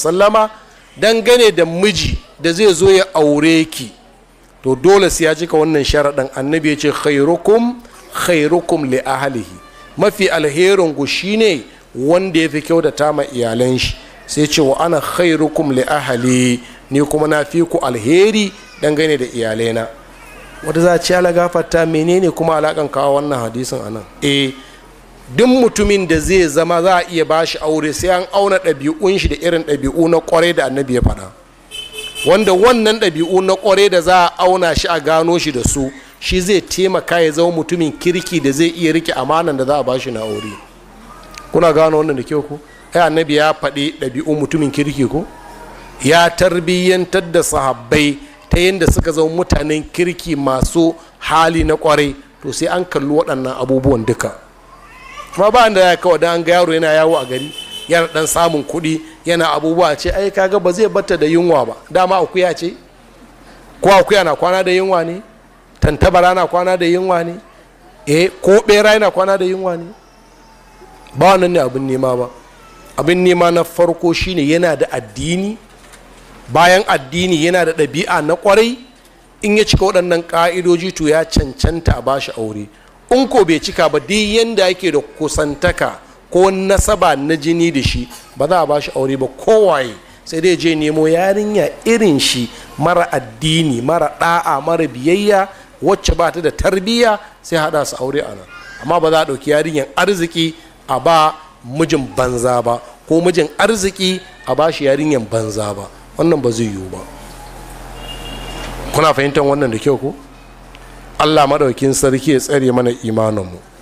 sallama dangane da miji da zai zo ya aure ki to dole sai ya cika wannan sharaɗin annabi ya ce khairukum khairukum li ahlihi mafi alherin ku shine wanda ya fi kyautata ma iyalan shi sai ce wa ana khairukum li ahli ni kuma na fi ku alheri dangane da iyalaina wata za a ce ala gafarta menene kuma alakan kawo wannan hadisin anan eh duk mutumin da zai zama za a iya shi aure sai an auna ɗabi'un shi da irin ɗabi'u na ƙwarai da annabi ya faɗa wanda wannan ɗabi'u na ƙwarai da za a auna shi a gano shi da su shi zai taimaka ya zama mutumin kirki da zai iya rike amanan da za a shi na aure kuna gano wannan da kyau ko ai annabi ya faɗi ɗabi'un mutumin kirki ko ya tarbiyyantar da sahabbai ta yadda suka zama mutanen kirki masu hali na ƙwarai to sai an kalli waɗannan abubuwan duka kuma ba da ya kawai dan ga yaro yana yawo a gari yana dan samun kuɗi yana abubuwa ce ai kaga ba zai bata da yunwa ba dama akuya ce ko akuya na kwana da yunwa ne tantabara na kwana da yunwa ne eh ko bera yana kwana da yunwa ne ba wannan ne abin nema ba abin nema na farko shine yana da addini bayan addini yana da ɗabi'a na kwarai in ya cika waɗannan ƙa'idoji to ya cancanta a bashi aure in ko bai cika ba duk yanda yake da kusantaka ko nasaba na jini da shi ba za a ba shi aure ba kowaye sai dai je nemo yarinya irin shi mara addini mara da'a mara biyayya wacce ba ta da tarbiyya sai haɗa su aure a nan amma ba za a ɗauki yarinyar arziki a ba mijin banza ba ko mijin arziki a ba shi yarinyar banza ba wannan ba zai yiwu ba kuna fahimtar wannan da kyau ko allah maɗaukin sarki ya tsare mana imaninmu